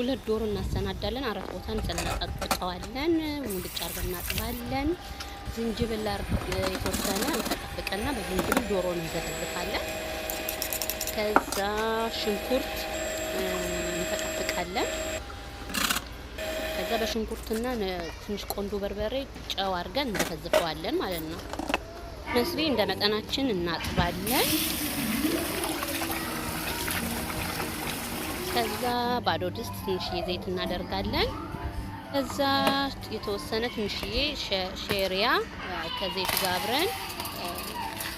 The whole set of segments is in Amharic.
ሁለት ዶሮ እናሰናዳለን። አራት ቦታ እንሰነጣጥቀዋለን። ሙልጭ አርገን እናጥባለን። ዝንጅብል የተወሰነ እንጠቀጥቀና በዝንጅብል ዶሮ እንዘፈዝፋለን። ከዛ ሽንኩርት እንጠቀጥቀለን። ከዛ በሽንኩርትና ትንሽ ቆንዶ በርበሬ፣ ጨው አርገን እንዘፈዝፈዋለን ማለት ነው። መስሪ እንደ መጠናችን እናጥባለን። ከዛ ባዶ ድስት ትንሽዬ ዘይት እናደርጋለን። ከዛ የተወሰነ ትንሽዬ ሼሪያ ከዘይት ጋር አብረን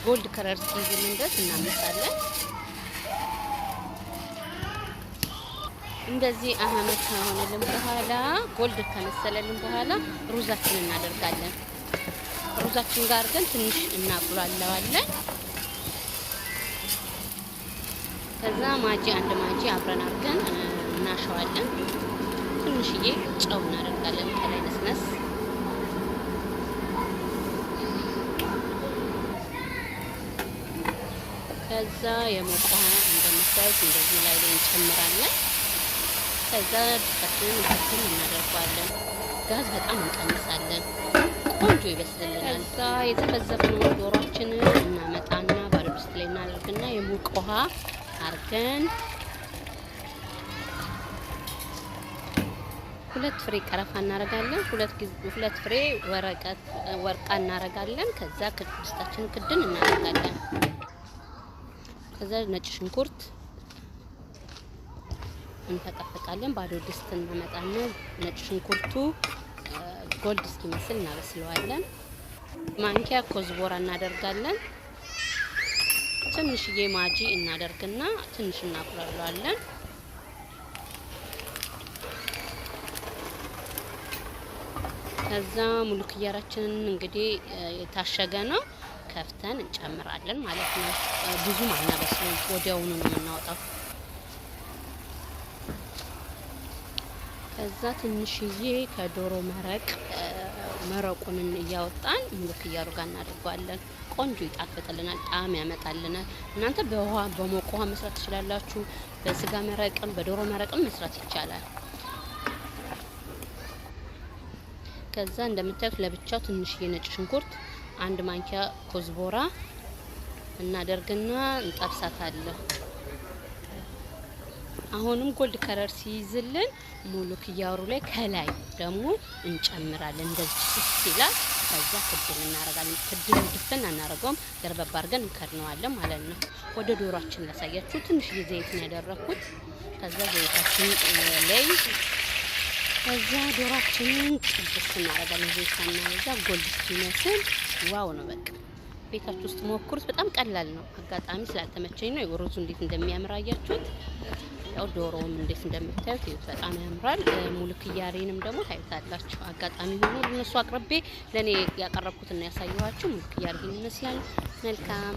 ጎልድ ከረር እስኪይዝልን ድረስ እናመጣለን። እንደዚህ አህመት ከሆነልን በኋላ ጎልድ ከመሰለልን በኋላ ሩዛችን እናደርጋለን። ሩዛችን ጋር ግን ትንሽ እናቁላለዋለን። ከዛ ማጂ አንድ ማጂ አብረን አድርገን እናሸዋለን። ትንሽዬ ጨው እናደርጋለን ከላይ ነስነስ ከዛ የሞቀ እንደምታዩት እንደዚህ ላይ ላይ እንጨምራለን። ከዛ ድፈትን ድፈትን እናደርገዋለን። ጋዝ በጣም እንቀንሳለን። ቆንጆ ይበስልልናል። ከዛ የተፈዘፈነው ዶሯችንን እናመጣና ባለድስት ላይ እናደርግና የሞቀ ውሃ አርገን ሁለት ፍሬ ቀረፋ እናረጋለን። ሁለት ሁለት ፍሬ ወረቀት ወርቃ እናረጋለን። ከዛ ድስታችንን ክድን እናረጋለን። ከዛ ነጭ ሽንኩርት እንፈቀፍቃለን። ባዶ ድስት እናመጣና ነጭ ሽንኩርቱ ጎልድ እስኪመስል እናበስለዋለን። ማንኪያ ኮዝቦራ እናደርጋለን። ትንሽዬ ማጂ እናደርግና ትንሽ እናቁላለዋለን። ከዛ ሙሉ ክያራችንን እንግዲህ የታሸገ ነው ከፍተን እንጨምራለን ማለት ነው። ብዙም አናበስልም፣ ወዲያውኑ ነው የምናወጣው። ከዛ ትንሽዬ ከዶሮ መረቅ መረቁንም እያወጣን እንግዲህ እያሩ ጋር እናደርገዋለን። ቆንጆ ይጣፍጥልናል፣ ጣዕም ያመጣልናል። እናንተ በውሃ በሞቀ ውሃ መስራት ትችላላችሁ። በስጋ መረቅም በዶሮ መረቅም መስራት ይቻላል። ከዛ እንደምታዩት ለብቻው ትንሽዬ ነጭ ሽንኩርት አንድ ማንኪያ ኮዝቦራ እናደርግና እንጠብሳታለሁ። አሁንም ጎልድ ከለር ሲይዝልን ሙሉ ክያሩ ላይ ከላይ ደግሞ እንጨምራለን። እንደዚህ ስ ይላል። ከዛ ክድን እናረጋለን። ክድን ድፍን አናረገውም፣ ገርበብ አድርገን እንከድነዋለን ማለት ነው። ወደ ዶሯችን ላሳያችሁ። ትንሽ ዘይት ነው ያደረኩት። ከዛ ዘይታችን ላይ ከዛ ዶሯችንን ጥብስ እናረጋለን። ዘይት እናረጋ ጎልድ ሲመስል ዋው ነው በቃ። ቤታችሁ ውስጥ ሞክሩት። በጣም ቀላል ነው። አጋጣሚ ስላልተመቸኝ ነው። ሩዙ እንዴት እንደሚያምር አያችሁት። ያው ዶሮውም እንዴት እንደምታዩት ይዩት፣ በጣም ያምራል። ሙሉ ክያሬንም ደግሞ ታዩታላችሁ። አጋጣሚ ሆኖ ለነሱ አቅርቤ ለእኔ ያቀረብኩትና ያሳየኋችሁ ሙሉ ክያሬን ይመስላል። መልካም